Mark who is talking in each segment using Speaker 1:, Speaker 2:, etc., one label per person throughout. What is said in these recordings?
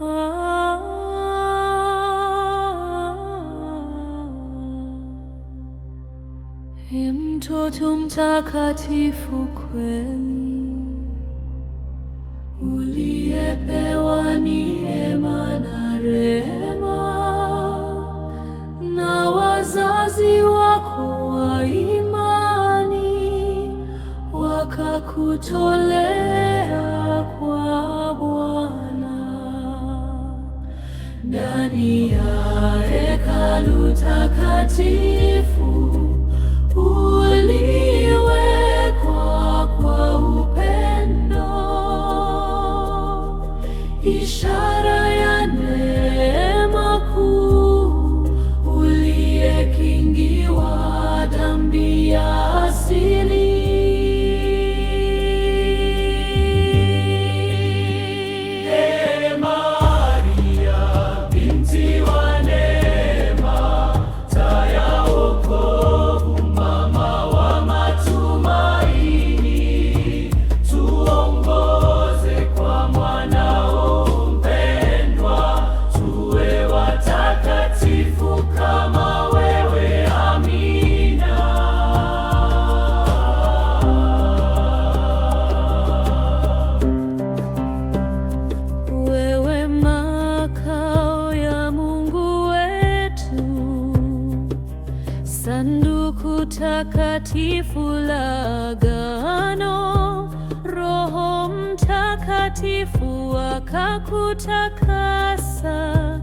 Speaker 1: Ah. E mtoto mtakatifu kweli, uliyepewa neema na rehema, na wazazi wako wa imani wakakutolea ndani ya hekalu takatifu uliwekwa kwa upendo, ishara ya takatifu la agano, Roho Mtakatifu akakutakasa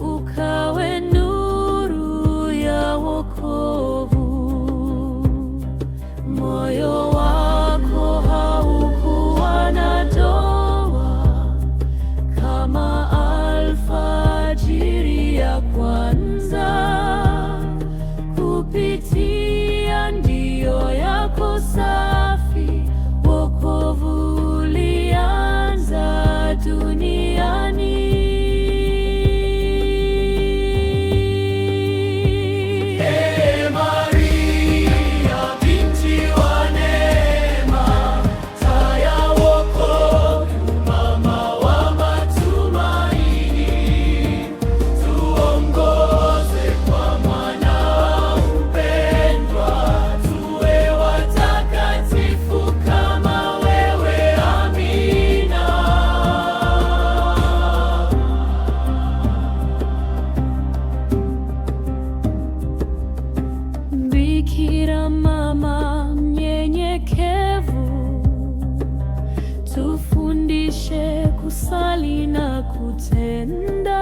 Speaker 1: ukawe nuru ya wokovu. Moyo wako haukuwa na doa kama alfajiri ya kwanza kupitia yako mbali na kutenda,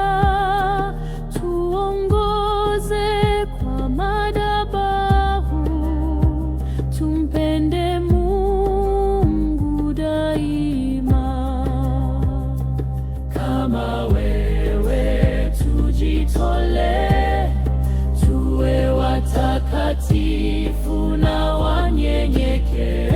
Speaker 1: tuongoze kwa madhabahu, tumpende Mungu daima.
Speaker 2: Kama wewe tujitole, tuwe watakatifu na wanyenyekee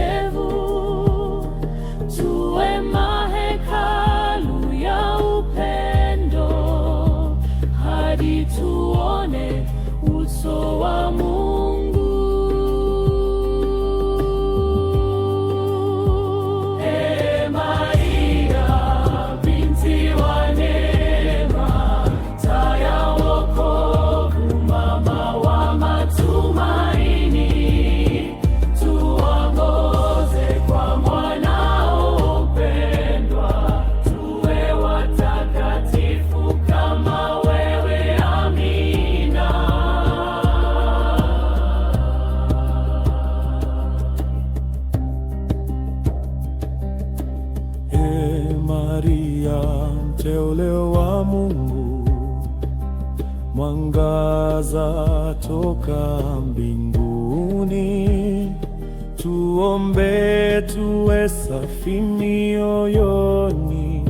Speaker 3: ya mteule wa Mungu, mwangaza toka mbinguni, tuombe tuwe safi mioyoni,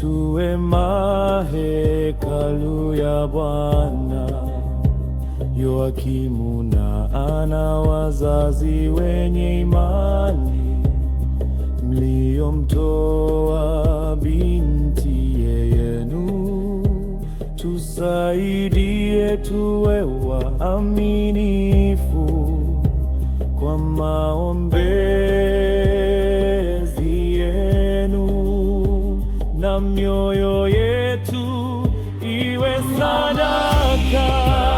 Speaker 3: tuwe mahekalu ya Bwana. Yoakimu na Ana, wazazi wenye imani mliyomtoa binti yenu, tusaidie tuwe waaminifu kwa maombezi yenu, na mioyo yetu iwe sadaka.